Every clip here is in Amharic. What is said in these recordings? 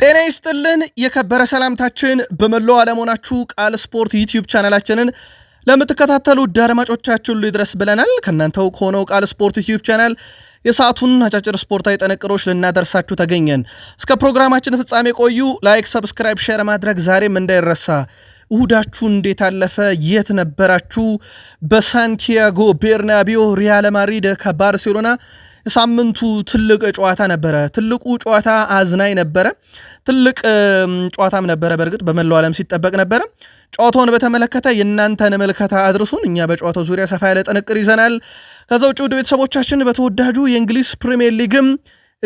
ጤና ይስጥልን የከበረ ሰላምታችን በመላው አለመሆናችሁ ቃል ስፖርት ዩቲዩብ ቻናላችንን ለምትከታተሉ ውድ አድማጮቻችን ሊድረስ ብለናል። ከእናንተው ከሆነው ቃል ስፖርት ዩቲዩብ ቻናል የሰዓቱን አጫጭር ስፖርታዊ ጥንቅሮች ልናደርሳችሁ ተገኘን። እስከ ፕሮግራማችን ፍጻሜ ቆዩ። ላይክ፣ ሰብስክራይብ፣ ሼር ማድረግ ዛሬም እንዳይረሳ። እሁዳችሁ እንዴት አለፈ? የት ነበራችሁ? በሳንቲያጎ ቤርናቢዮ ሪያል ማድሪድ ከባርሴሎና ሳምንቱ ትልቅ ጨዋታ ነበረ። ትልቁ ጨዋታ አዝናኝ ነበረ። ትልቅ ጨዋታም ነበረ። በእርግጥ በመላው ዓለም ሲጠበቅ ነበረ። ጨዋታውን በተመለከተ የእናንተን ምልከታ አድርሱን። እኛ በጨዋታው ዙሪያ ሰፋ ያለ ጥንቅር ይዘናል። ከዛ ውጭ ውድ ቤተሰቦቻችን በተወዳጁ የእንግሊዝ ፕሪምየር ሊግም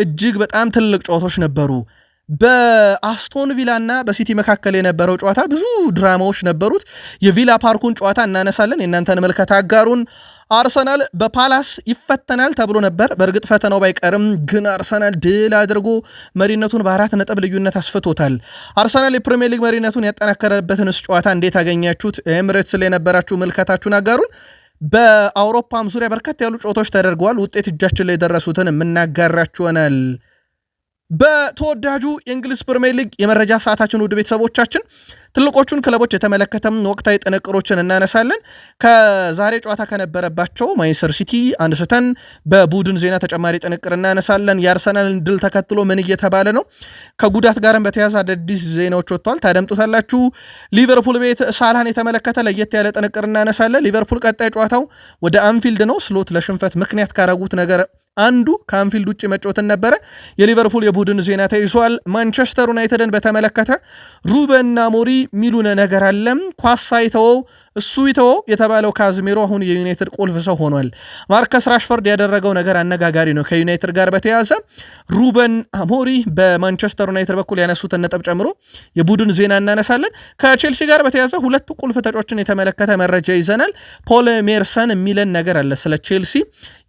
እጅግ በጣም ትልቅ ጨዋታዎች ነበሩ። በአስቶን ቪላና በሲቲ መካከል የነበረው ጨዋታ ብዙ ድራማዎች ነበሩት። የቪላ ፓርኩን ጨዋታ እናነሳለን። የእናንተን ምልከታ አጋሩን። አርሰናል በፓላስ ይፈተናል ተብሎ ነበር። በእርግጥ ፈተናው ባይቀርም ግን አርሰናል ድል አድርጎ መሪነቱን በአራት ነጥብ ልዩነት አስፍቶታል። አርሰናል የፕሪሚየር ሊግ መሪነቱን ያጠናከረበትን ያጠናከረበትንስ ጨዋታ እንዴት አገኛችሁት? ኤምሬትስ ላይ የነበራችሁ ምልከታችሁን አጋሩን። በአውሮፓም ዙሪያ በርከት ያሉ ጨዋታዎች ተደርገዋል። ውጤት እጃችን ላይ የደረሱትን የምናጋራችሁ ይሆናል። በተወዳጁ የእንግሊዝ ፕሪሚየር ሊግ የመረጃ ሰዓታችን ውድ ቤተሰቦቻችን ትልቆቹን ክለቦች የተመለከተም ወቅታዊ ጥንቅሮችን እናነሳለን። ከዛሬ ጨዋታ ከነበረባቸው ማንችስተር ሲቲ አንስተን በቡድን ዜና ተጨማሪ ጥንቅር እናነሳለን። የአርሰናልን ድል ተከትሎ ምን እየተባለ ነው? ከጉዳት ጋርም በተያያዘ አዳዲስ ዜናዎች ወጥተዋል፣ ታደምጡታላችሁ። ሊቨርፑል ቤት ሳላህን የተመለከተ ለየት ያለ ጥንቅር እናነሳለን። ሊቨርፑል ቀጣይ ጨዋታው ወደ አንፊልድ ነው። ስሎት ለሽንፈት ምክንያት ካረጉት ነገር አንዱ ከአንፊልድ ውጭ መጫወትን ነበረ። የሊቨርፑል የቡድን ዜና ተይዟል። ማንቸስተር ዩናይትድን በተመለከተ ሩበን አሞሪም የሚሉን ነገር አለም ኳስ አይተወው እሱ ይተወው የተባለው ካዝሜሮ አሁን የዩናይትድ ቁልፍ ሰው ሆኗል። ማርከስ ራሽፈርድ ያደረገው ነገር አነጋጋሪ ነው። ከዩናይትድ ጋር በተያያዘ ሩበን አሞሪ በማንቸስተር ዩናይትድ በኩል ያነሱትን ነጥብ ጨምሮ የቡድን ዜና እናነሳለን። ከቼልሲ ጋር በተያያዘ ሁለቱ ቁልፍ ተጫዋቾችን የተመለከተ መረጃ ይዘናል። ፖል ሜርሰን የሚለን ነገር አለ ስለ ቼልሲ።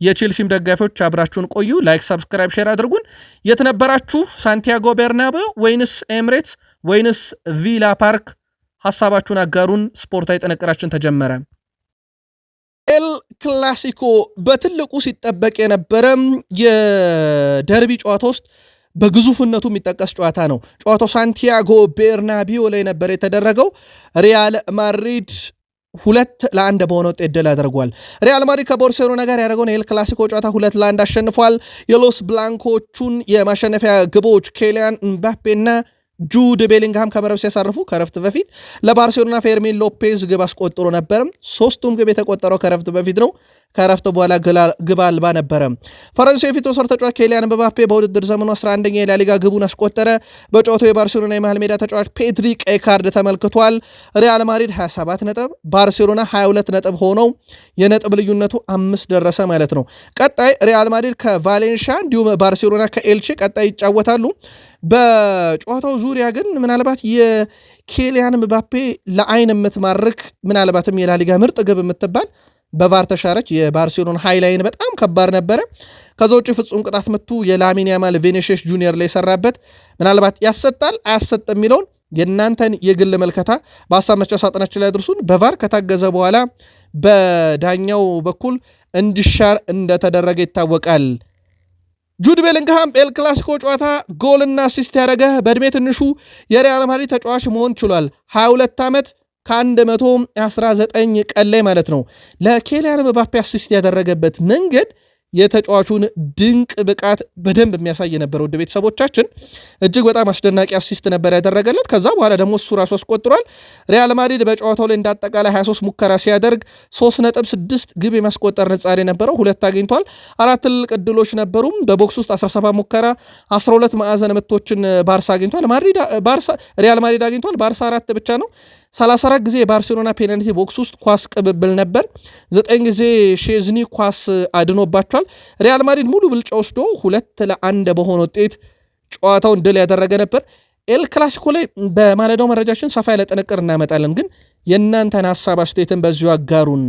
የቼልሲም ደጋፊዎች አብራችሁን ቆዩ። ላይክ፣ ሰብስክራይብ፣ ሼር አድርጉን። የት ነበራችሁ? ሳንቲያጎ ቤርናቤው ወይንስ ኤምሬትስ ወይንስ ቪላ ፓርክ ሀሳባችሁን አጋሩን። ስፖርታዊ ጥንቅራችን ተጀመረ። ኤል ክላሲኮ በትልቁ ሲጠበቅ የነበረ የደርቢ ጨዋታ ውስጥ በግዙፍነቱ የሚጠቀስ ጨዋታ ነው። ጨዋታው ሳንቲያጎ ቤርናቢዮ ላይ ነበር የተደረገው። ሪያል ማድሪድ ሁለት ለአንድ በሆነ ውጤት ድል አድርጓል። ሪያል ማድሪድ ከቦርሴሎና ጋር ያደረገውን የኤል ክላሲኮ ጨዋታ ሁለት ለአንድ አሸንፏል። የሎስ ብላንኮቹን የማሸነፊያ ግቦች ኬሊያን ምባፔና ጁድ ቤሊንግሃም ከመረብ ሲያሳርፉ ከረፍት በፊት ለባርሴሎና ፌርሚን ሎፔዝ ግብ አስቆጥሮ ነበርም። ሶስቱም ግብ የተቆጠረው ከረፍት በፊት ነው። ከረፍት በኋላ ግብ አልባ ነበረ። ፈረንሳይ የፊት ወሰር ተጫዋች ኬሊያን ምባፔ በውድድር ዘመኑ 11ኛ የላሊጋ ግቡን አስቆጠረ። በጨዋታው የባርሴሎና የመሃል ሜዳ ተጫዋች ፔድሪ ቀይ ካርድ ተመልክቷል። ሪያል ማድሪድ 27 ነጥብ፣ ባርሴሎና 22 ነጥብ ሆነው የነጥብ ልዩነቱ አምስት ደረሰ ማለት ነው። ቀጣይ ሪያል ማድሪድ ከቫሌንሻ እንዲሁም ባርሴሎና ከኤልቼ ቀጣይ ይጫወታሉ። በጨዋታው ዙሪያ ግን ምናልባት የኬሊያን ምባፔ ለአይን የምትማርክ ምናልባትም የላሊጋ ምርጥ ግብ የምትባል በቫር ተሻረች። የባርሴሎና ሃይላይን በጣም ከባድ ነበረ። ከዛ ውጭ ፍጹም ቅጣት ምቱ የላሚን ያማል ቬኔሽስ ጁኒየር ላይ የሰራበት ምናልባት ያሰጣል አያሰጥ የሚለውን የእናንተን የግል መልከታ በሀሳብ መስጫ ሳጥናችን ላይ አድርሱን። በቫር ከታገዘ በኋላ በዳኛው በኩል እንዲሻር እንደተደረገ ይታወቃል። ጁድ ቤሊንግሃም ኤል ክላሲኮ ጨዋታ ጎልና አሲስት ያደረገ በእድሜ ትንሹ የሪያል ማድሪድ ተጫዋች መሆን ችሏል። 22 ዓመት ከ119 ቀን ላይ ማለት ነው ለኬልያን ምባፔ አሲስት ያደረገበት መንገድ የተጫዋቹን ድንቅ ብቃት በደንብ የሚያሳይ ነበር። ውድ ቤተሰቦቻችን እጅግ በጣም አስደናቂ አሲስት ነበር ያደረገለት። ከዛ በኋላ ደግሞ እሱ ራሱ አስቆጥሯል። ሪያል ማድሪድ በጨዋታው ላይ እንዳጠቃላይ 23 ሙከራ ሲያደርግ 3.6 ግብ የማስቆጠር ንጻሬ ነበረው፣ ሁለት አግኝቷል። አራት ትልቅ እድሎች ነበሩም። በቦክስ ውስጥ 17 ሙከራ 12 ማዕዘን ምቶችን ባርሳ አግኝቷል፣ ሪያል ማድሪድ አግኝቷል። ባርሳ አራት ብቻ ነው 34 ጊዜ የባርሴሎና ፔናልቲ ቦክስ ውስጥ ኳስ ቅብብል ነበር። ዘጠኝ ጊዜ ሼዝኒ ኳስ አድኖባቸዋል። ሪያል ማድሪድ ሙሉ ብልጫ ወስዶ ሁለት ለአንድ በሆነ ውጤት ጨዋታውን ድል ያደረገ ነበር። ኤል ክላሲኮ ላይ በማለዳው መረጃችን ሰፋ ያለ ጥንቅር እናመጣለን። ግን የእናንተን ሀሳብ አስተያየትን በዚሁ አጋሩን።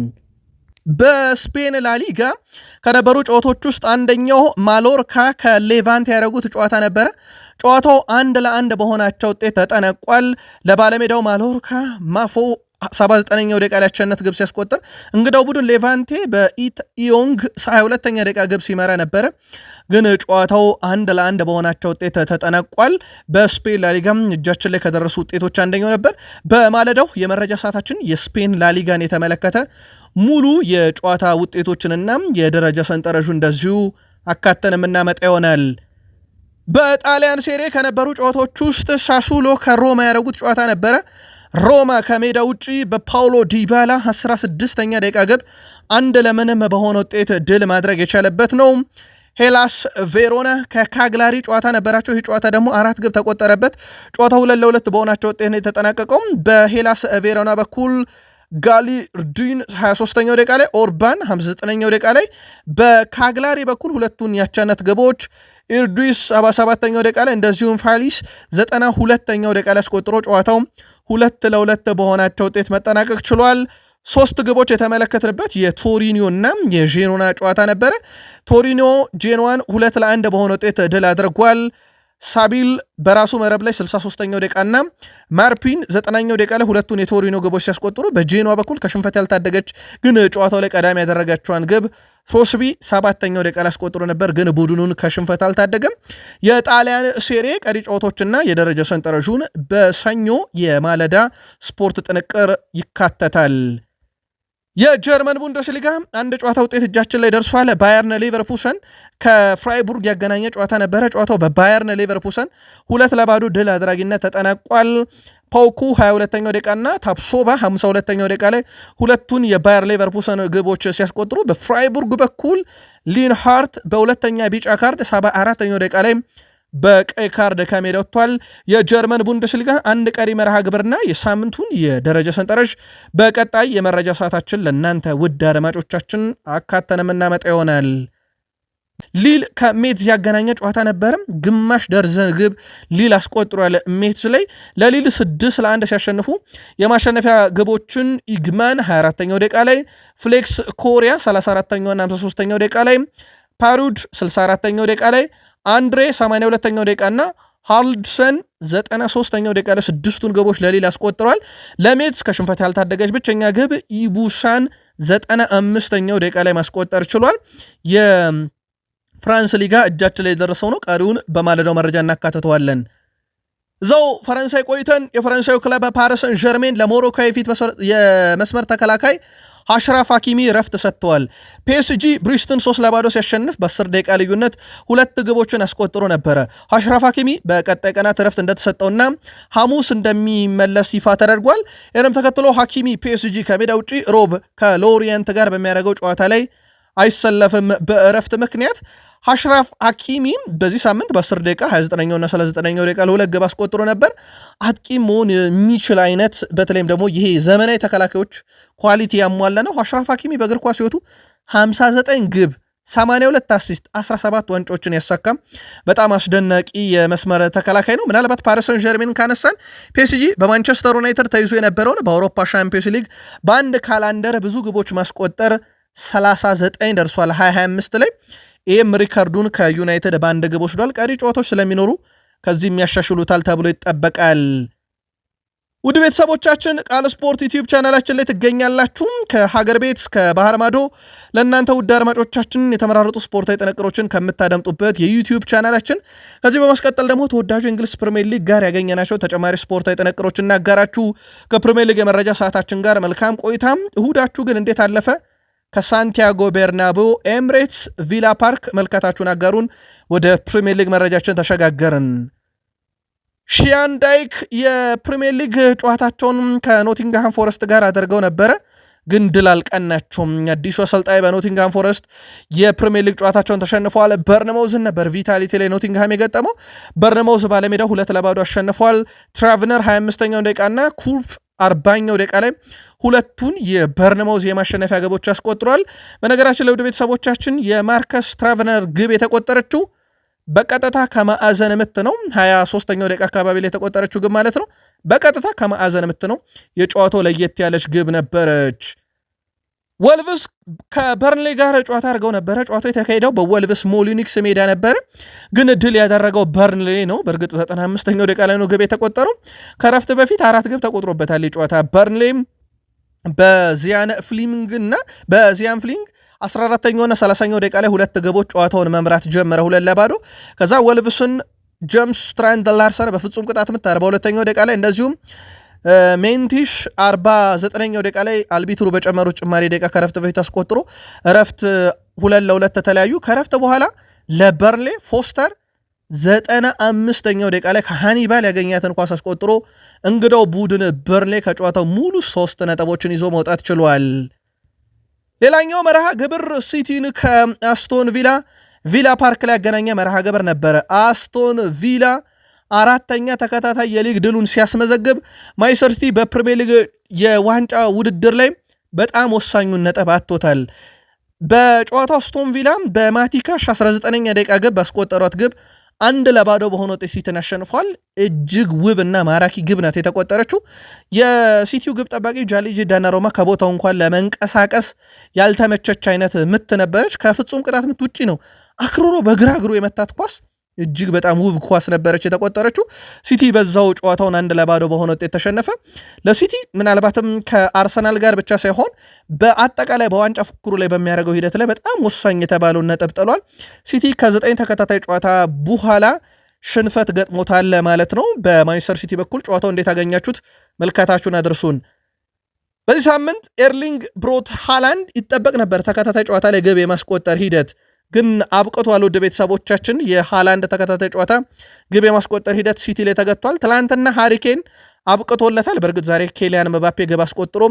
በስፔን ላሊጋ ከነበሩ ጨዋታዎች ውስጥ አንደኛው ማሎርካ ከሌቫንት ያደረጉት ጨዋታ ነበረ። ጨዋታው አንድ ለአንድ በሆናቸው ውጤት ተጠናቋል። ለባለሜዳው ማሎርካ ማፎ 79ኛው ደቂቃ ላይ አቻነት ግብ ሲያስቆጥር እንግዳው ቡድን ሌቫንቴ በኢዮንግ 22ኛ ደቂቃ ግብ ሲመራ ነበረ። ግን ጨዋታው አንድ ለአንድ በሆናቸው ውጤት ተጠናቋል። በስፔን ላሊጋም እጃችን ላይ ከደረሱ ውጤቶች አንደኛው ነበር። በማለዳው የመረጃ ሰዓታችን የስፔን ላሊጋን የተመለከተ ሙሉ የጨዋታ ውጤቶችንና የደረጃ ሰንጠረዡ እንደዚሁ አካተን የምናመጣ ይሆናል። በጣሊያን ሴሬ ከነበሩ ጨዋታዎች ውስጥ ሳሱሎ ከሮማ ያደረጉት ጨዋታ ነበረ። ሮማ ከሜዳ ውጪ በፓውሎ ዲባላ 16ኛ ደቂቃ ግብ አንድ ለምንም በሆነ ውጤት ድል ማድረግ የቻለበት ነው። ሄላስ ቬሮና ከካግላሪ ጨዋታ ነበራቸው። ይህ ጨዋታ ደግሞ አራት ግብ ተቆጠረበት። ጨዋታ ሁለት ለሁለት በሆናቸው ውጤት ነው በሄላስ ቬሮና በኩል ርዲን 23ኛው ደቂቃ ላይ፣ ኦርባን 59ኛው ደቂቃ ላይ፣ በካግላሪ በኩል ሁለቱን ያቻነት ግቦች ኢርዱስ 77ኛው ደቂቃ ላይ እንደዚሁም ፋሊስ 92ኛው ደቂቃ ላይ አስቆጥሮ ጨዋታው ሁለት ለሁለት በሆናቸው ውጤት መጠናቀቅ ችሏል። ሶስት ግቦች የተመለከትንበት የቶሪኒዮ እና የጄኖና ጨዋታ ነበረ። ቶሪኒዮ ጄኖዋን ሁለት ለአንድ በሆነ ውጤት ድል አድርጓል። ሳቢል በራሱ መረብ ላይ 63ኛው ደቂቃና ማርፒን 9ኛው ደቂቃ ላይ ሁለቱን የቶሪኖ ግቦች ሲያስቆጥሩ በጄኗ በኩል ከሽንፈት ያልታደገች ግን ጨዋታው ላይ ቀዳሚ ያደረጋቸዋን ግብ ሶስቢ ሰባተኛው ደቂቃ ላይ አስቆጥሮ ነበር፣ ግን ቡድኑን ከሽንፈት አልታደገም። የጣሊያን ሴሬ ቀሪ ጨዋታዎችና የደረጃ ሰንጠረዡን በሰኞ የማለዳ ስፖርት ጥንቅር ይካተታል። የጀርመን ቡንደስሊጋ አንድ ጨዋታ ውጤት እጃችን ላይ ደርሷል። ባየርን ሌቨርፑሰን ከፍራይቡርግ ያገናኘ ጨዋታ ነበረ። ጨዋታው በባየርን ሌቨርፑሰን ሁለት ለባዶ ድል አድራጊነት ተጠናቋል። ፓውኩ 22ኛው ደቂቃና ታፕሶባ 52ኛው ደቂቃ ላይ ሁለቱን የባየር ሌቨርፑሰን ግቦች ሲያስቆጥሩ በፍራይቡርግ በኩል ሊንሃርት በሁለተኛ ቢጫ ካርድ 74ኛው ደቂቃ ላይ በቀይ ካርድ ከሜዳ ወጥቷል። የጀርመን ቡንደስሊጋ አንድ ቀሪ መርሃ ግብርና የሳምንቱን የደረጃ ሰንጠረዥ በቀጣይ የመረጃ ሰዓታችን ለእናንተ ውድ አድማጮቻችን አካተን የምናመጣ ይሆናል። ሊል ከሜትዝ ያገናኘ ጨዋታ ነበርም። ግማሽ ደርዘን ግብ ሊል አስቆጥሯል። ሜትዝ ላይ ለሊል ስድስት ለአንድ ሲያሸንፉ የማሸነፊያ ግቦችን ኢግማን 24ኛው ደቂቃ ላይ፣ ፍሌክስ ኮሪያ 34ኛና 53ኛው ደቂቃ ላይ ፓሩድ 64ኛው ደቂቃ ላይ አንድሬ 82ኛው ደቂቃ እና ሃልድሰን 93ኛው ደቂቃ ላይ ስድስቱን ግቦች ለሊል አስቆጥሯል። ለሜትስ ከሽንፈት ያልታደገች ብቸኛ ግብ ኢቡሳን 95ኛው ደቂቃ ላይ ማስቆጠር ችሏል። የፍራንስ ሊጋ እጃችን ላይ የደረሰው ነው። ቀሪውን በማለዳው መረጃ እናካትተዋለን። እዛው ፈረንሳይ ቆይተን የፈረንሳዩ ክለብ ፓሪሰን ጀርሜን ለሞሮኮ የፊት የመስመር ተከላካይ አሽራፍ ሐኪሚ ረፍት ሰጥተዋል። ፒኤስጂ ብሪስትን ሶስት ለባዶ ሲያሸንፍ በ10 ደቂቃ ልዩነት ሁለት ግቦችን አስቆጥሮ ነበረ። አሽራፍ ሐኪሚ በቀጣይ ቀናት ረፍት እንደተሰጠውና ሐሙስ እንደሚመለስ ይፋ ተደርጓል። ይህንም ተከትሎ ሐኪሚ ፒኤስጂ ከሜዳ ውጪ ሮብ ከሎሪየንት ጋር በሚያደርገው ጨዋታ ላይ አይሰለፍም በእረፍት ምክንያት። አሽራፍ ሐኪሚም በዚህ ሳምንት በ10 ደቂቃ 29ኛውና 39ኛው ደቂቃ ለሁለት ግብ አስቆጥሮ ነበር። አጥቂ መሆን የሚችል አይነት በተለይም ደግሞ ይሄ ዘመናዊ ተከላካዮች ኳሊቲ ያሟለ ነው። አሽራፍ ሐኪሚ በእግር ኳስ ህይወቱ 59 ግብ 82 አሲስት 17 ዋንጫዎችን ያሳካም በጣም አስደናቂ የመስመር ተከላካይ ነው። ምናልባት ፓሪሰን ጀርሜን ካነሳን ፔሲጂ በማንቸስተር ዩናይትድ ተይዞ የነበረውን በአውሮፓ ሻምፒዮንስ ሊግ በአንድ ካላንደር ብዙ ግቦች ማስቆጠር 39 ደርሷል 2025 ላይ ይህም ሪከርዱን ከዩናይትድ በአንድ ግብ ወስዷል። ቀሪ ጨዋታዎች ስለሚኖሩ ከዚህ የሚያሻሽሉታል ተብሎ ይጠበቃል። ውድ ቤተሰቦቻችን ቃል ስፖርት ዩቲዩብ ቻናላችን ላይ ትገኛላችሁ ከሀገር ቤት እስከ ባህር ማዶ ለእናንተ ውድ አድማጮቻችን የተመራረጡ ስፖርታዊ ጥንቅሮችን ከምታደምጡበት የዩቲዩብ ቻናላችን ከዚህ በማስቀጠል ደግሞ ተወዳጁ እንግሊዝ ፕሪሚየር ሊግ ጋር ያገኘናቸው ተጨማሪ ስፖርታዊ ጥንቅሮች እናጋራችሁ። ከፕሪሚየር ሊግ የመረጃ ሰዓታችን ጋር መልካም ቆይታም። እሁዳችሁ ግን እንዴት አለፈ? ከሳንቲያጎ ቤርናቦ ኤምሬትስ ቪላ ፓርክ መልካታችሁን አጋሩን። ወደ ፕሪምየር ሊግ መረጃችን ተሸጋገርን። ሺያን ዳይክ የፕሪምየር ሊግ ጨዋታቸውን ከኖቲንግሃም ፎረስት ጋር አድርገው ነበረ፣ ግን ድል አልቀናቸውም። አዲሱ አሰልጣኝ በኖቲንግሃም ፎረስት የፕሪምየር ሊግ ጨዋታቸውን ተሸንፈዋል። በርነመውዝን ነበር ቪታሊቲ ላይ ኖቲንግሃም የገጠመው። በርነመውዝ ባለሜዳው ሁለት ለባዶ አሸንፏል። ትራቭነር 25ኛው ደቂቃና ኩርፕ አርባኛው ደቂቃ ላይ ሁለቱን የበርንማውዝ የማሸነፊያ ግቦች አስቆጥሯል። በነገራችን ለውድ ቤተሰቦቻችን የማርከስ ትራቨነር ግብ የተቆጠረችው በቀጥታ ከማዕዘን ምት ነው። 23ኛው ደቂቃ አካባቢ ላይ የተቆጠረችው ግብ ማለት ነው። በቀጥታ ከማዕዘን ምት ነው። የጨዋታው ለየት ያለች ግብ ነበረች። ወልቭስ ከበርንሌ ጋር ጨዋታ አድርገው ነበረ። ጨዋታው የተካሄደው በወልቭስ ሞሊኒክስ ሜዳ ነበረ፣ ግን ድል ያደረገው በርንሌ ነው። በእርግጥ 95ኛው ደቂቃ ላይ ነው ግብ የተቆጠረው። ከረፍት በፊት አራት ግብ ተቆጥሮበታል የጨዋታ በርንሌም በዚያነ ፍሊሚንግ እና በዚያን ፍሊንግ 14ተኛው እና 30ኛው ደቂቃ ላይ ሁለት ግቦች ጨዋታውን መምራት ጀመረ፣ ሁለት ለባዶ። ከዛ ወልቭስን ጀምስ ትራንድ ላርሰን በፍጹም ቅጣት ምት በሁለተኛው ደቂቃ ላይ እንደዚሁም ሜንቲሽ 49ኛው ደቂቃ ላይ አልቢትሩ በጨመሩት ጭማሪ ደቂቃ ከረፍት በፊት አስቆጥሮ ረፍት ሁለት ለሁለት ተለያዩ። ከረፍት በኋላ ለበርሌ ፎስተር ዘጠና አምስተኛው ደቂቃ ላይ ከሃኒባል ያገኛትን ኳስ አስቆጥሮ እንግዳው ቡድን በርሌ ከጨዋታው ሙሉ ሶስት ነጥቦችን ይዞ መውጣት ችሏል። ሌላኛው መርሃ ግብር ሲቲን ከአስቶን ቪላ ቪላ ፓርክ ላይ ያገናኘ መርሃ ግብር ነበረ። አስቶን ቪላ አራተኛ ተከታታይ የሊግ ድሉን ሲያስመዘግብ፣ ማንቸስተር ሲቲ በፕሪሚየር ሊግ የዋንጫ ውድድር ላይ በጣም ወሳኙን ነጥብ አጥቶታል። በጨዋታው አስቶን ቪላ በማቲካሽ 19ኛ ደቂቃ ግብ ባስቆጠሯት ግብ አንድ ለባዶ በሆነ ውጤት ሲቲን አሸንፏል። እጅግ ውብ እና ማራኪ ግብ ናት የተቆጠረችው። የሲቲው ግብ ጠባቂ ጃሊጅ ዳናሮማ ከቦታው እንኳን ለመንቀሳቀስ ያልተመቸች አይነት ምት ነበረች። ከፍጹም ቅጣት ምት ውጪ ነው አክሮሮ በግራ እግሩ የመታት ኳስ እጅግ በጣም ውብ ኳስ ነበረች የተቆጠረችው። ሲቲ በዛው ጨዋታውን አንድ ለባዶ በሆነ ውጤት ተሸነፈ። ለሲቲ ምናልባትም ከአርሰናል ጋር ብቻ ሳይሆን በአጠቃላይ በዋንጫ ፉክሩ ላይ በሚያደርገው ሂደት ላይ በጣም ወሳኝ የተባለውን ነጥብ ጥሏል። ሲቲ ከዘጠኝ ተከታታይ ጨዋታ በኋላ ሽንፈት ገጥሞታል ማለት ነው። በማንቸስተር ሲቲ በኩል ጨዋታው እንዴት አገኛችሁት? መልካታችሁን አድርሱን። በዚህ ሳምንት ኤርሊንግ ብሮት ሃላንድ ይጠበቅ ነበር ተከታታይ ጨዋታ ላይ ግብ የማስቆጠር ሂደት ግን አብቅቷል። ውድ ቤተሰቦቻችን የሃላንድ ተከታታይ ጨዋታ ግብ የማስቆጠር ሂደት ሲቲ ላይ ተገጥቷል። ትላንትና ሃሪኬን አብቅቶለታል። በእርግጥ ዛሬ ኬሊያን መባፔ ግብ አስቆጥሮ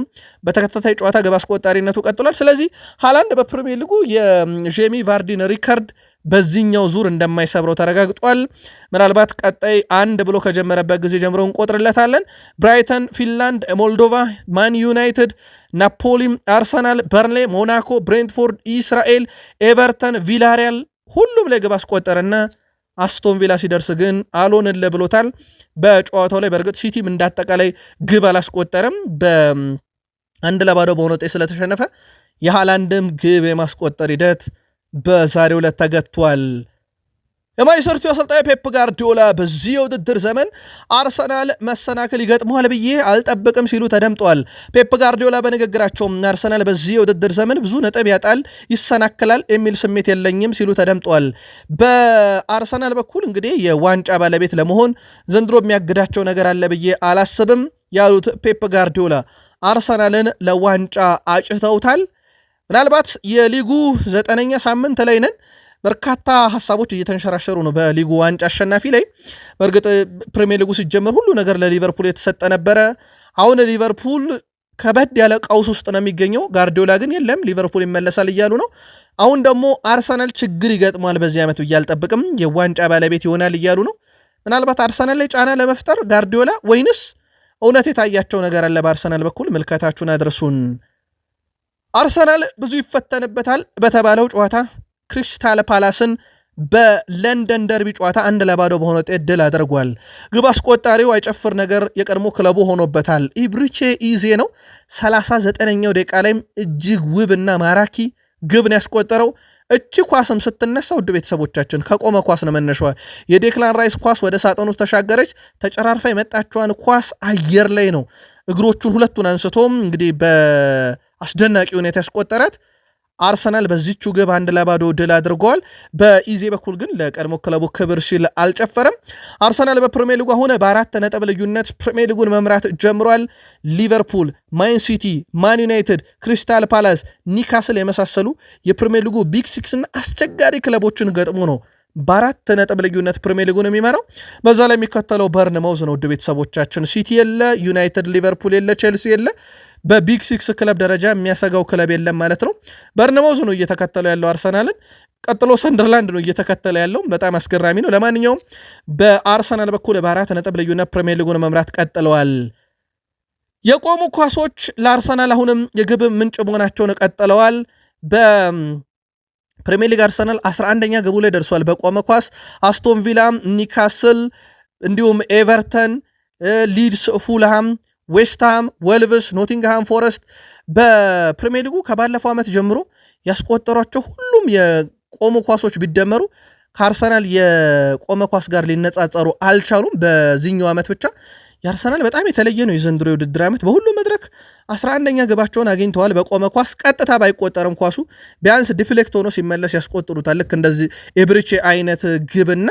በተከታታይ ጨዋታ ግብ አስቆጣሪነቱ ቀጥሏል። ስለዚህ ሃላንድ በፕሪሚየር ሊጉ የጄሚ ቫርዲን ሪከርድ በዚህኛው ዙር እንደማይሰብረው ተረጋግጧል። ምናልባት ቀጣይ አንድ ብሎ ከጀመረበት ጊዜ ጀምሮ እንቆጥርለታለን። ብራይተን፣ ፊንላንድ፣ ሞልዶቫ፣ ማን ዩናይትድ፣ ናፖሊ አርሰናል፣ በርንሌ፣ ሞናኮ፣ ብሬንትፎርድ፣ ኢስራኤል፣ ኤቨርተን፣ ቪላሪያል ሁሉም ላይ ግብ አስቆጠረና አስቶን ቪላ ሲደርስ ግን አሎንን ለብሎታል። በጨዋታው ላይ በእርግጥ ሲቲም እንዳጠቃላይ ግብ አላስቆጠረም። በአንድ ለባዶ በሆነ ውጤት ስለተሸነፈ የሃላንድም ግብ የማስቆጠር ሂደት በዛሬው ዕለት ተገቷል። የማንቸስተር አሰልጣኝ ፔፕ ጋርዲዮላ በዚህ የውድድር ዘመን አርሰናል መሰናክል ይገጥመዋል ብዬ አልጠብቅም ሲሉ ተደምጠዋል። ፔፕ ጋርዲዮላ በንግግራቸውም አርሰናል በዚህ የውድድር ዘመን ብዙ ነጥብ ያጣል፣ ይሰናክላል የሚል ስሜት የለኝም ሲሉ ተደምጠዋል። በአርሰናል በኩል እንግዲህ የዋንጫ ባለቤት ለመሆን ዘንድሮ የሚያግዳቸው ነገር አለ ብዬ አላስብም ያሉት ፔፕ ጋርዲዮላ አርሰናልን ለዋንጫ አጭተውታል። ምናልባት የሊጉ ዘጠነኛ ሳምንት ላይ ነን። በርካታ ሀሳቦች እየተንሸራሸሩ ነው በሊጉ ዋንጫ አሸናፊ ላይ። በእርግጥ ፕሪሚየር ሊጉ ሲጀምር ሁሉ ነገር ለሊቨርፑል የተሰጠ ነበረ። አሁን ሊቨርፑል ከበድ ያለ ቀውስ ውስጥ ነው የሚገኘው። ጋርዲዮላ ግን የለም ሊቨርፑል ይመለሳል እያሉ ነው። አሁን ደግሞ አርሰናል ችግር ይገጥሟል በዚህ ዓመት ብዬ አልጠብቅም፣ የዋንጫ ባለቤት ይሆናል እያሉ ነው። ምናልባት አርሰናል ላይ ጫና ለመፍጠር ጋርዲዮላ ወይንስ እውነት የታያቸው ነገር አለ በአርሰናል በኩል? ምልከታችሁን አድርሱን። አርሰናል ብዙ ይፈተንበታል በተባለው ጨዋታ ክሪስታል ፓላስን በለንደን ደርቢ ጨዋታ አንድ ለባዶ በሆነ ውጤት ድል አድርጓል። ግብ አስቆጣሪው አይጨፍር ነገር የቀድሞ ክለቡ ሆኖበታል። ኢብሪቼ ኢዜ ነው። 39ኛው ደቂቃ ላይም እጅግ ውብና ማራኪ ግብን ያስቆጠረው እቺ ኳስም ስትነሳ ውድ ቤተሰቦቻችን ከቆመ ኳስ ነው መነሻዋ። የዴክላን ራይስ ኳስ ወደ ሳጥን ውስጥ ተሻገረች። ተጨራርፋ የመጣችዋን ኳስ አየር ላይ ነው እግሮቹን ሁለቱን አንስቶም እንግዲህ በአስደናቂ ሁኔታ ያስቆጠራት። አርሰናል በዚቹ ግብ አንድ ለባዶ ድል አድርጓል። በኢዜ በኩል ግን ለቀድሞ ክለቡ ክብር ሲል አልጨፈረም። አርሰናል በፕሪሚየር ሊጉ አሁን በአራት ነጥብ ልዩነት ፕሪሚየር ሊጉን መምራት ጀምሯል። ሊቨርፑል፣ ማን ሲቲ፣ ማን ዩናይትድ፣ ክሪስታል ፓላስ፣ ኒካስል የመሳሰሉ የፕሪሚየር ሊጉ ቢግ ሲክስና አስቸጋሪ ክለቦችን ገጥሞ ነው በአራት ነጥብ ልዩነት ፕሪሚየር ሊጉን የሚመራው በዛ ላይ የሚከተለው በርን መውዝ ነው። ውድ ቤተሰቦቻችን ሲቲ የለ፣ ዩናይትድ፣ ሊቨርፑል የለ፣ ቼልሲ የለ በቢግ ሲክስ ክለብ ደረጃ የሚያሰጋው ክለብ የለም ማለት ነው። በርንማውዝ ነው እየተከተለው ያለው አርሰናልን። ቀጥሎ ሰንደርላንድ ነው እየተከተለ ያለው። በጣም አስገራሚ ነው። ለማንኛውም በአርሰናል በኩል በአራት ነጥብ ልዩነት ፕሪሚየር ሊጉን መምራት ቀጥለዋል። የቆሙ ኳሶች ለአርሰናል አሁንም የግብ ምንጭ መሆናቸውን ቀጥለዋል። በፕሪሚየር ሊግ አርሰናል 11ኛ ግቡ ላይ ደርሷል በቆመ ኳስ። አስቶን ቪላ፣ ኒካስል እንዲሁም ኤቨርተን፣ ሊድስ፣ ፉልሃም ዌስትሃም፣ ወልቭስ፣ ኖቲንግሃም ፎረስት በፕሪሚየር ሊጉ ከባለፈው ዓመት ጀምሮ ያስቆጠሯቸው ሁሉም የቆሙ ኳሶች ቢደመሩ ከአርሰናል የቆመ ኳስ ጋር ሊነጻጸሩ አልቻሉም። በዚህኛው ዓመት ብቻ የአርሰናል በጣም የተለየ ነው። የዘንድሮ የውድድር ዓመት በሁሉም መድረክ 11ኛ ግባቸውን አግኝተዋል። በቆመ ኳስ ቀጥታ ባይቆጠርም ኳሱ ቢያንስ ዲፍሌክት ሆኖ ሲመለስ ያስቆጥሩታል። ልክ እንደዚህ ኤብሪቼ አይነት ግብና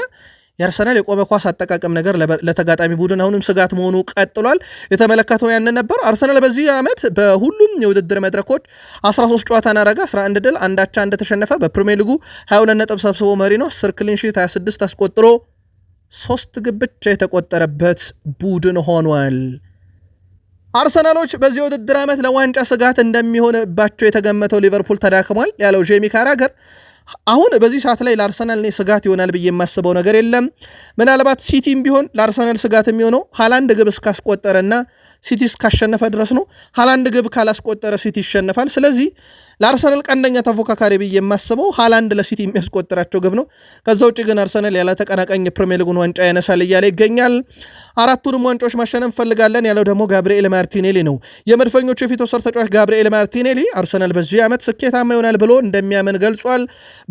የአርሰናል የቆመ ኳስ አጠቃቀም ነገር ለተጋጣሚ ቡድን አሁንም ስጋት መሆኑ ቀጥሏል። የተመለከተው ያንን ነበር። አርሰናል በዚህ ዓመት በሁሉም የውድድር መድረኮች 13 ጨዋታን አረጋ 11 ድል፣ አንዳቻ አቻ እንደተሸነፈ በፕሪሚየር ሊጉ 22 ነጥብ ሰብስቦ መሪ ነው። 10 ክሊንሺት 26 አስቆጥሮ ሶስት ግብ ብቻ የተቆጠረበት ቡድን ሆኗል። አርሰናሎች በዚህ የውድድር ዓመት ለዋንጫ ስጋት እንደሚሆንባቸው የተገመተው ሊቨርፑል ተዳክሟል ያለው ጄሚ ካራገር አሁን በዚህ ሰዓት ላይ ለአርሰናል እኔ ስጋት ይሆናል ብዬ የማስበው ነገር የለም። ምናልባት ሲቲም ቢሆን ለአርሰናል ስጋት የሚሆነው ሃላንድ ግብ እስካስቆጠረና ሲቲ እስካሸነፈ ድረስ ነው። ሃላንድ ግብ ካላስቆጠረ ሲቲ ይሸነፋል። ስለዚህ ለአርሰናል ቀንደኛ ተፎካካሪ ብዬ የማስበው ሃላንድ ለሲቲ የሚያስቆጥራቸው ግብ ነው። ከዛ ውጭ ግን አርሰናል ያለ ተቀናቃኝ የፕሪሚየር ሊጉን ዋንጫ ያነሳል እያለ ይገኛል። አራቱንም ዋንጫዎች ማሸነፍ እንፈልጋለን ያለው ደግሞ ጋብርኤል ማርቲኔሊ ነው። የመድፈኞቹ የፊት ወሰር ተጫዋች ጋብርኤል ማርቲኔሊ አርሰናል በዚህ ዓመት ስኬታማ ይሆናል ብሎ እንደሚያምን ገልጿል።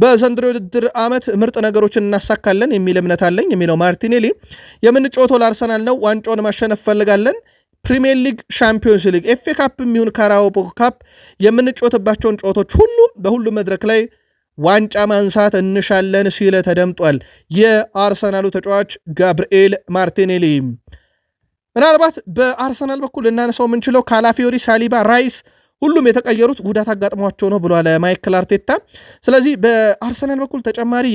በዘንድሮ ውድድር ዓመት ምርጥ ነገሮችን እናሳካለን የሚል እምነት አለኝ የሚለው ማርቲኔሊ የምንጫወተው ለአርሰናል ነው፣ ዋንጫውን ማሸነፍ እንፈልጋለን ፕሪምየር ሊግ፣ ሻምፒዮንስ ሊግ፣ ኤፍ ኤ ካፕ የሚሆን ካራቦ ካፕ የምንጮትባቸውን ጨዋታዎች ሁሉም በሁሉም መድረክ ላይ ዋንጫ ማንሳት እንሻለን ሲል ተደምጧል። የአርሰናሉ ተጫዋች ጋብርኤል ማርቲኔሊ ምናልባት በአርሰናል በኩል ልናነሳው የምንችለው ካላፊዮሪ፣ ሳሊባ፣ ራይስ ሁሉም የተቀየሩት ጉዳት አጋጥሟቸው ነው ብሏል ማይክል አርቴታ። ስለዚህ በአርሰናል በኩል ተጨማሪ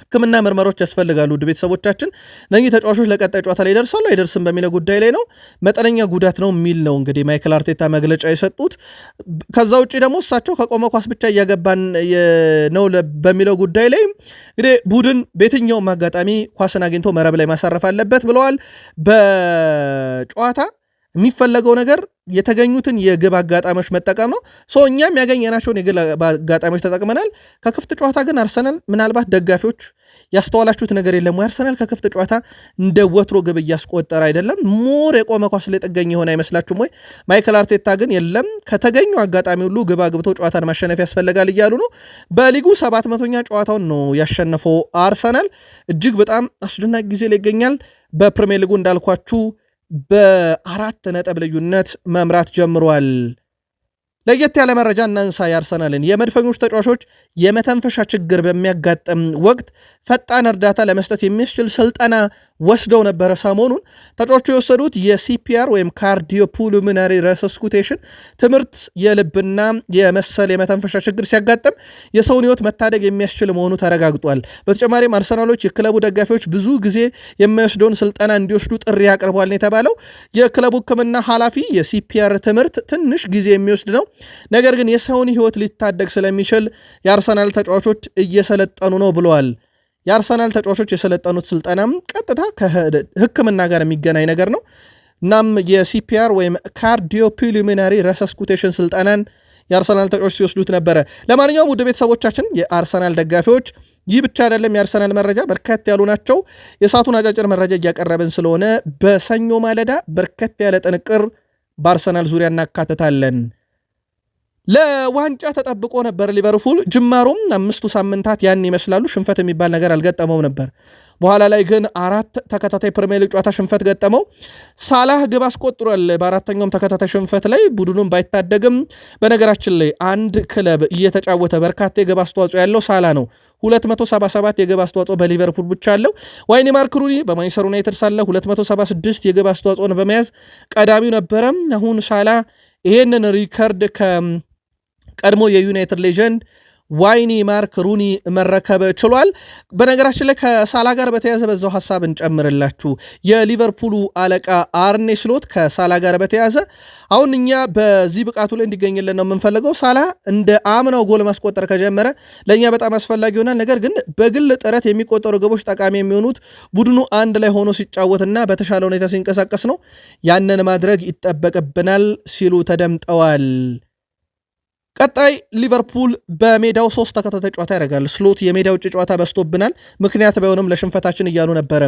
ህክምና ምርመራዎች ያስፈልጋሉ። ውድ ቤተሰቦቻችን እነኚህ ተጫዋቾች ለቀጣይ ጨዋታ ላይ ይደርሳሉ አይደርስም በሚለው ጉዳይ ላይ ነው። መጠነኛ ጉዳት ነው የሚል ነው እንግዲህ ማይክል አርቴታ መግለጫ የሰጡት። ከዛ ውጭ ደግሞ እሳቸው ከቆመ ኳስ ብቻ እያገባን ነው በሚለው ጉዳይ ላይ እንግዲህ ቡድን በየትኛውም አጋጣሚ ኳስን አግኝቶ መረብ ላይ ማሳረፍ አለበት ብለዋል። በጨዋታ የሚፈለገው ነገር የተገኙትን የግብ አጋጣሚዎች መጠቀም ነው። ሰው እኛም ያገኘናቸውን የግብ አጋጣሚዎች ተጠቅመናል። ከክፍት ጨዋታ ግን አርሰናል ምናልባት ደጋፊዎች ያስተዋላችሁት ነገር የለም ወይ? አርሰናል ከክፍት ጨዋታ እንደ ወትሮ ግብ እያስቆጠረ አይደለም። ሞር የቆመ ኳስ ላይ ጥገኝ የሆነ አይመስላችሁም ወይ? ማይክል አርቴታ ግን የለም ከተገኙ አጋጣሚ ሁሉ ግብ አግብቶ ጨዋታን ማሸነፍ ያስፈልጋል እያሉ ነው። በሊጉ ሰባት መቶኛ ጨዋታውን ነው ያሸነፈው አርሰናል። እጅግ በጣም አስደናቂ ጊዜ ላይ ይገኛል። በፕሪሚየር ሊጉ እንዳልኳችሁ በአራት ነጥብ ልዩነት መምራት ጀምሯል። ለየት ያለ መረጃ እናንሳ። ያርሰናልን የመድፈኞች ተጫዋቾች የመተንፈሻ ችግር በሚያጋጥም ወቅት ፈጣን እርዳታ ለመስጠት የሚያስችል ስልጠና ወስደው ነበረ። ሰሞኑን ተጫዋቹ የወሰዱት የሲፒአር ወይም ካርዲዮ ረሰስኩቴሽን ትምህርት የልብና የመሰል የመተንፈሻ ችግር ሲያጋጥም የሰውን ሕይወት መታደግ የሚያስችል መሆኑ ተረጋግጧል። በተጨማሪም አርሰናሎች የክለቡ ደጋፊዎች ብዙ ጊዜ የማይወስደውን ስልጠና እንዲወስዱ ጥሪ አቅርቧል የተባለው የክለቡ ሕክምና ኃላፊ የሲፒአር ትምህርት ትንሽ ጊዜ የሚወስድ ነው፣ ነገር ግን የሰውን ሕይወት ሊታደግ ስለሚችል የአርሰናል ተጫዋቾች እየሰለጠኑ ነው ብለዋል። የአርሰናል ተጫዋቾች የሰለጠኑት ስልጠናም ቀጥታ ከህክምና ጋር የሚገናኝ ነገር ነው። እናም የሲፒአር ወይም ካርዲዮፒሉሚናሪ ረሰስኩቴሽን ስልጠናን የአርሰናል ተጫዋች ሲወስዱት ነበረ። ለማንኛውም ውድ ቤተሰቦቻችን የአርሰናል ደጋፊዎች ይህ ብቻ አይደለም። የአርሰናል መረጃ በርከት ያሉ ናቸው። የሰዓቱን አጫጭር መረጃ እያቀረብን ስለሆነ በሰኞ ማለዳ በርከት ያለ ጥንቅር በአርሰናል ዙሪያ እናካትታለን። ለዋንጫ ተጠብቆ ነበር ሊቨርፑል። ጅማሮም አምስቱ ሳምንታት ያን ይመስላሉ። ሽንፈት የሚባል ነገር አልገጠመው ነበር። በኋላ ላይ ግን አራት ተከታታይ ፕሪሚየር ሊግ ጨዋታ ሽንፈት ገጠመው። ሳላህ ግብ አስቆጥሯል። በአራተኛውም ተከታታይ ሽንፈት ላይ ቡድኑን ባይታደግም፣ በነገራችን ላይ አንድ ክለብ እየተጫወተ በርካታ የግብ አስተዋጽኦ ያለው ሳላ ነው። 277 የግብ አስተዋጽኦ በሊቨርፑል ብቻ አለው። ዋይኒ ማርክ ሩኒ በማንቸስተር ዩናይትድ ሳለ 276 የግብ አስተዋጽኦን በመያዝ ቀዳሚው ነበረም። አሁን ሳላ ይሄንን ሪከርድ ከ ቀድሞ የዩናይትድ ሌጀንድ ዋይኒ ማርክ ሩኒ መረከብ ችሏል። በነገራችን ላይ ከሳላ ጋር በተያዘ በዛው ሀሳብ እንጨምርላችሁ። የሊቨርፑሉ አለቃ አርኔ ስሎት ከሳላ ጋር በተያዘ አሁን እኛ በዚህ ብቃቱ ላይ እንዲገኝልን ነው የምንፈልገው። ሳላ እንደ አምናው ጎል ማስቆጠር ከጀመረ ለእኛ በጣም አስፈላጊ ይሆናል። ነገር ግን በግል ጥረት የሚቆጠሩ ግቦች ጠቃሚ የሚሆኑት ቡድኑ አንድ ላይ ሆኖ ሲጫወትና በተሻለ ሁኔታ ሲንቀሳቀስ ነው። ያንን ማድረግ ይጠበቅብናል ሲሉ ተደምጠዋል። ቀጣይ ሊቨርፑል በሜዳው ሶስት ተከታታይ ጨዋታ ያደርጋል። ስሎት የሜዳ ውጭ ጨዋታ በስቶብናል ምክንያት ባይሆንም ለሽንፈታችን እያሉ ነበረ።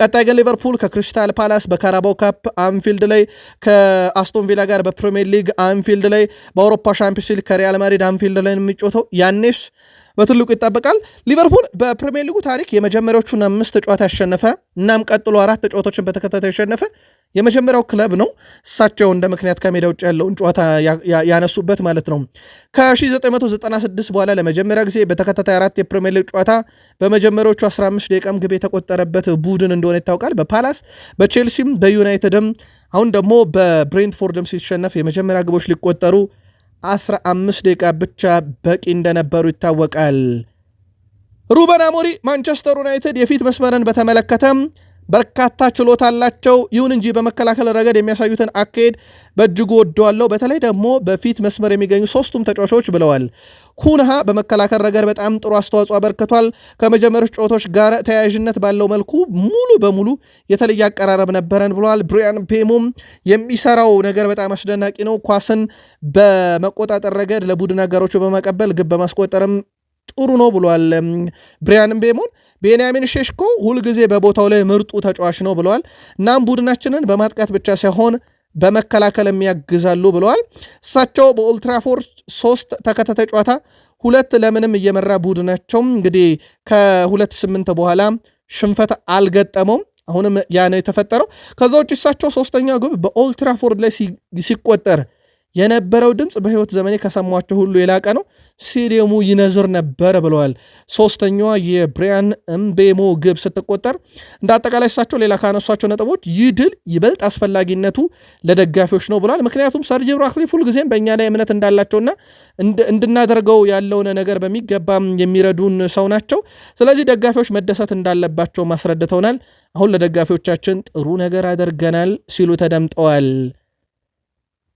ቀጣይ ግን ሊቨርፑል ከክሪስታል ፓላስ በካራባው ካፕ አንፊልድ ላይ፣ ከአስቶን ቪላ ጋር በፕሪሚየር ሊግ አንፊልድ ላይ፣ በአውሮፓ ሻምፒዮንስ ሊግ ከሪያል ማድሪድ አንፊልድ ላይ የሚጫወተው ያኔስ በትልቁ ይጠበቃል። ሊቨርፑል በፕሪሚየር ሊጉ ታሪክ የመጀመሪያዎቹን አምስት ጨዋታ ያሸነፈ እናም ቀጥሎ አራት ጨዋታዎችን በተከታታይ ያሸነፈ የመጀመሪያው ክለብ ነው። እሳቸው እንደ ምክንያት ከሜዳ ውጭ ያለውን ጨዋታ ያነሱበት ማለት ነው። ከ1996 በኋላ ለመጀመሪያ ጊዜ በተከታታይ አራት የፕሪሚየር ሊግ ጨዋታ በመጀመሪያዎቹ 15 ደቂቃም ግብ የተቆጠረበት ቡድን እንደሆነ ይታወቃል። በፓላስ በቼልሲም በዩናይትድም አሁን ደግሞ በብሬንትፎርድም ሲሸነፍ የመጀመሪያ ግቦች ሊቆጠሩ 15 ደቂቃ ብቻ በቂ እንደነበሩ ይታወቃል። ሩበን አሞሪ ማንቸስተር ዩናይትድ የፊት መስመርን በተመለከተም በርካታ ችሎታ አላቸው። ይሁን እንጂ በመከላከል ረገድ የሚያሳዩትን አካሄድ በእጅጉ ወደዋለሁ። በተለይ ደግሞ በፊት መስመር የሚገኙ ሶስቱም ተጫዋቾች ብለዋል። ኩንሃ በመከላከል ረገድ በጣም ጥሩ አስተዋጽኦ አበርክቷል። ከመጀመሪያዎች ጨዋታዎች ጋር ተያያዥነት ባለው መልኩ ሙሉ በሙሉ የተለየ አቀራረብ ነበረን ብለዋል። ብሪያን ቤሞም የሚሰራው ነገር በጣም አስደናቂ ነው። ኳስን በመቆጣጠር ረገድ ለቡድን አጋሮቹ በመቀበል ግብ በማስቆጠርም ጥሩ ነው ብሏል ብሪያን ቤሞን ቤንያሚን ሼሽኮ ሁልጊዜ በቦታው ላይ ምርጡ ተጫዋች ነው ብለዋል። እናም ቡድናችንን በማጥቃት ብቻ ሳይሆን በመከላከል የሚያግዛሉ ብለዋል። እሳቸው በኦልትራፎርድ ሶስት ተከታታይ ጨዋታ ሁለት ለምንም እየመራ ቡድናቸው እንግዲህ ከሁለት ስምንት በኋላ ሽንፈት አልገጠመውም። አሁንም ያ ነው የተፈጠረው። ከዛ ውጭ እሳቸው ሶስተኛ ግብ በኦልትራፎርድ ላይ ሲቆጠር የነበረው ድምፅ በህይወት ዘመኔ ከሰሟቸው ሁሉ የላቀ ነው፣ ስቴዲየሙ ይነዝር ነበር ብለዋል። ሶስተኛዋ የብሪያን እምቤሞ ግብ ስትቆጠር እንደ አጠቃላይ እሳቸው ሌላ ካነሷቸው ነጥቦች ይህ ድል ይበልጥ አስፈላጊነቱ ለደጋፊዎች ነው ብሏል። ምክንያቱም ሰርጂ ራክሊፍ ሁልጊዜም በእኛ ላይ እምነት እንዳላቸውና እንድናደርገው ያለውን ነገር በሚገባም የሚረዱን ሰው ናቸው። ስለዚህ ደጋፊዎች መደሰት እንዳለባቸው ማስረድተውናል። አሁን ለደጋፊዎቻችን ጥሩ ነገር አድርገናል ሲሉ ተደምጠዋል።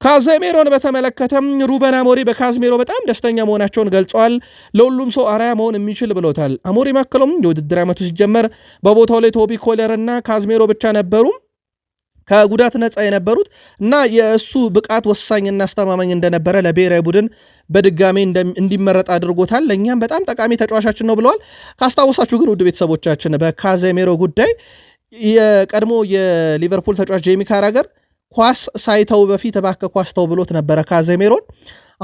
ካዜሜሮን በተመለከተም ሩበን አሞሪ በካዝሜሮ በጣም ደስተኛ መሆናቸውን ገልጸዋል። ለሁሉም ሰው አራያ መሆን የሚችል ብሎታል። አሞሪ ማክለውም የውድድር ዓመቱ ሲጀመር በቦታው ላይ ቶቢ ኮለር እና ካዝሜሮ ብቻ ነበሩ ከጉዳት ነፃ የነበሩት እና የእሱ ብቃት ወሳኝና አስተማማኝ እንደነበረ ለብሔራዊ ቡድን በድጋሜ እንዲመረጥ አድርጎታል። ለእኛም በጣም ጠቃሚ ተጫዋቻችን ነው ብለዋል። ካስታወሳችሁ ግን ውድ ቤተሰቦቻችን በካዘሜሮ ጉዳይ የቀድሞ የሊቨርፑል ተጫዋች ጄሚ ካራገር ኳስ ሳይተው በፊት እባክህ ኳስ ተው ብሎት ነበረ ካዜሜሮን።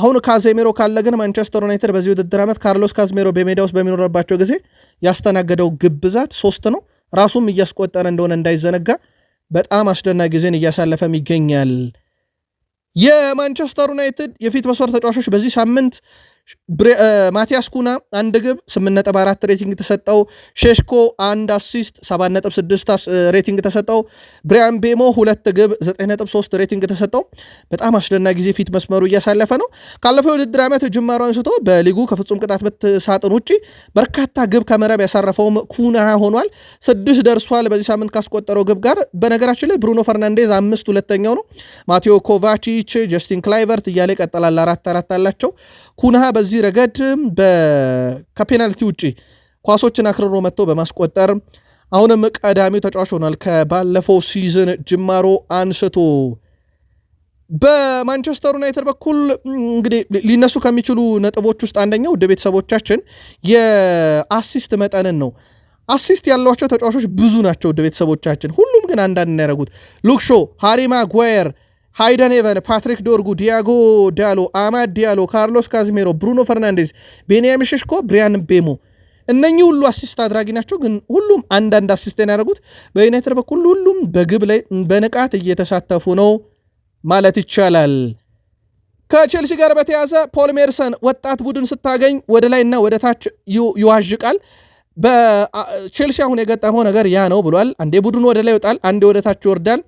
አሁን ካዜሜሮ ካለ ግን ማንቸስተር ዩናይትድ በዚህ ውድድር ዓመት ካርሎስ ካዝሜሮ በሜዳ ውስጥ በሚኖረባቸው ጊዜ ያስተናገደው ግብ ብዛት ሶስት ነው። ራሱም እያስቆጠረ እንደሆነ እንዳይዘነጋ በጣም አስደናቂ ጊዜን እያሳለፈም ይገኛል። የማንቸስተር ዩናይትድ የፊት መስመር ተጫዋቾች በዚህ ሳምንት ማቲያስ ኩና አንድ ግብ 8.4 ሬቲንግ ተሰጠው። ሼሽኮ አንድ አሲስት 7.6 ሬቲንግ ተሰጠው። ብሪያን ቤሞ ሁለት ግብ 9.3 ሬቲንግ ተሰጠው። በጣም አስደናቂ ጊዜ ፊት መስመሩ እያሳለፈ ነው። ካለፈው የውድድር ዓመት ጅማሮ አንስቶ በሊጉ ከፍጹም ቅጣት ምት ሳጥን ውጭ በርካታ ግብ ከመረብ ያሳረፈውም ኩና ሆኗል። ስድስት ደርሷል በዚህ ሳምንት ካስቆጠረው ግብ ጋር። በነገራችን ላይ ብሩኖ ፈርናንዴዝ አምስት ሁለተኛው ነው። ማቴዎ ኮቫቺች፣ ጀስቲን ክላይቨርት እያለ ይቀጥላል። አራት አራት አላቸው ኩና በዚህ ረገድ ከፔናልቲ ውጪ ኳሶችን አክርሮ መጥቶ በማስቆጠር አሁንም ቀዳሚው ተጫዋች ሆኗል። ከባለፈው ሲዝን ጅማሮ አንስቶ በማንቸስተር ዩናይትድ በኩል እንግዲህ ሊነሱ ከሚችሉ ነጥቦች ውስጥ አንደኛው ውድ ቤተሰቦቻችን የአሲስት መጠንን ነው። አሲስት ያሏቸው ተጫዋቾች ብዙ ናቸው ውድ ቤተሰቦቻችን። ሁሉም ግን አንዳንድ ያደረጉት ሉክ ሾ፣ ሃሪ ማጓየር ሃይደን ኤቨን፣ ፓትሪክ ዶርጉ፣ ዲያጎ ዳሎ፣ አማድ ዲያሎ፣ ካርሎስ ካዝሜሮ፣ ብሩኖ ፈርናንዴዝ፣ ቤንያሚን ሸሽኮ፣ ብሪያን ቤሞ እነኚህ ሁሉ አሲስት አድራጊ ናቸው። ግን ሁሉም አንዳንድ አሲስት ያደረጉት በዩናይትድ በኩል ሁሉም በግብ ላይ በንቃት እየተሳተፉ ነው ማለት ይቻላል። ከቼልሲ ጋር በተያዘ ፖል ሜርሰን ወጣት ቡድን ስታገኝ ወደ ላይና ወደ ታች ይዋዥቃል። በቼልሲ አሁን የገጠመው ነገር ያ ነው ብሏል። አንዴ ቡድኑ ወደ ላይ ይወጣል፣ አንዴ ወደ ታች ይወርዳል።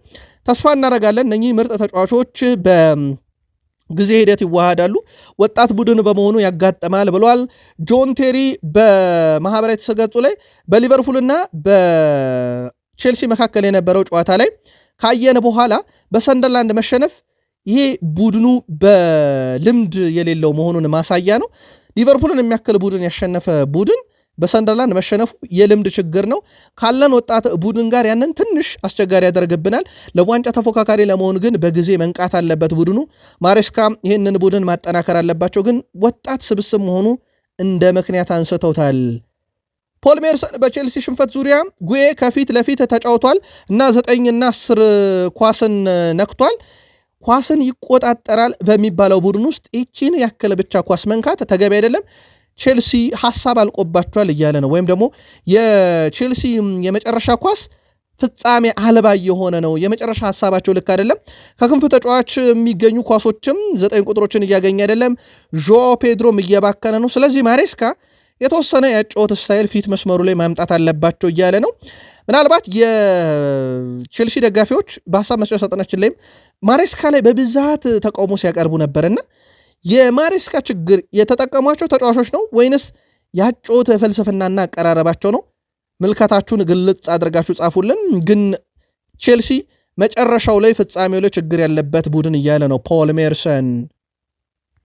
ተስፋ እናደርጋለን እነኚህ ምርጥ ተጫዋቾች በጊዜ ሂደት ይዋሃዳሉ፣ ወጣት ቡድን በመሆኑ ያጋጠማል ብለዋል። ጆን ቴሪ በማህበራዊ ገጹ ላይ በሊቨርፑልና በቼልሲ መካከል የነበረው ጨዋታ ላይ ካየን በኋላ በሰንደርላንድ መሸነፍ ይሄ ቡድኑ በልምድ የሌለው መሆኑን ማሳያ ነው። ሊቨርፑልን የሚያክል ቡድን ያሸነፈ ቡድን በሰንደርላንድ መሸነፉ የልምድ ችግር ነው። ካለን ወጣት ቡድን ጋር ያንን ትንሽ አስቸጋሪ ያደርግብናል። ለዋንጫ ተፎካካሪ ለመሆን ግን በጊዜ መንቃት አለበት ቡድኑ። ማሬስካ ይህንን ቡድን ማጠናከር አለባቸው። ግን ወጣት ስብስብ መሆኑ እንደ ምክንያት አንስተውታል። ፖል ሜርሰን በቼልሲ ሽንፈት ዙሪያ ጉዬ ከፊት ለፊት ተጫውቷል እና ዘጠኝና አስር ኳስን ነክቷል ኳስን ይቆጣጠራል በሚባለው ቡድን ውስጥ ይቺን ያክል ብቻ ኳስ መንካት ተገቢ አይደለም። ቼልሲ ሀሳብ አልቆባቸዋል እያለ ነው። ወይም ደግሞ የቼልሲ የመጨረሻ ኳስ ፍጻሜ አልባ የሆነ ነው። የመጨረሻ ሀሳባቸው ልክ አይደለም። ከክንፍ ተጫዋች የሚገኙ ኳሶችም ዘጠኝ ቁጥሮችን እያገኘ አይደለም። ዦ ፔድሮም እየባከነ ነው። ስለዚህ ማሬስካ የተወሰነ የአጨዋወት ስታይል ፊት መስመሩ ላይ ማምጣት አለባቸው እያለ ነው። ምናልባት የቼልሲ ደጋፊዎች በሀሳብ መስጫ ሳጥናችን ላይም ማሬስካ ላይ በብዛት ተቃውሞ ሲያቀርቡ ነበርና የማሬስካ ችግር የተጠቀሟቸው ተጫዋቾች ነው ወይንስ ያጮት ፍልስፍናና አቀራረባቸው ነው? ምልከታችሁን ግልጽ አድርጋችሁ ጻፉልን። ግን ቼልሲ መጨረሻው ላይ ፍጻሜው ላይ ችግር ያለበት ቡድን እያለ ነው ፖል ሜርሰን።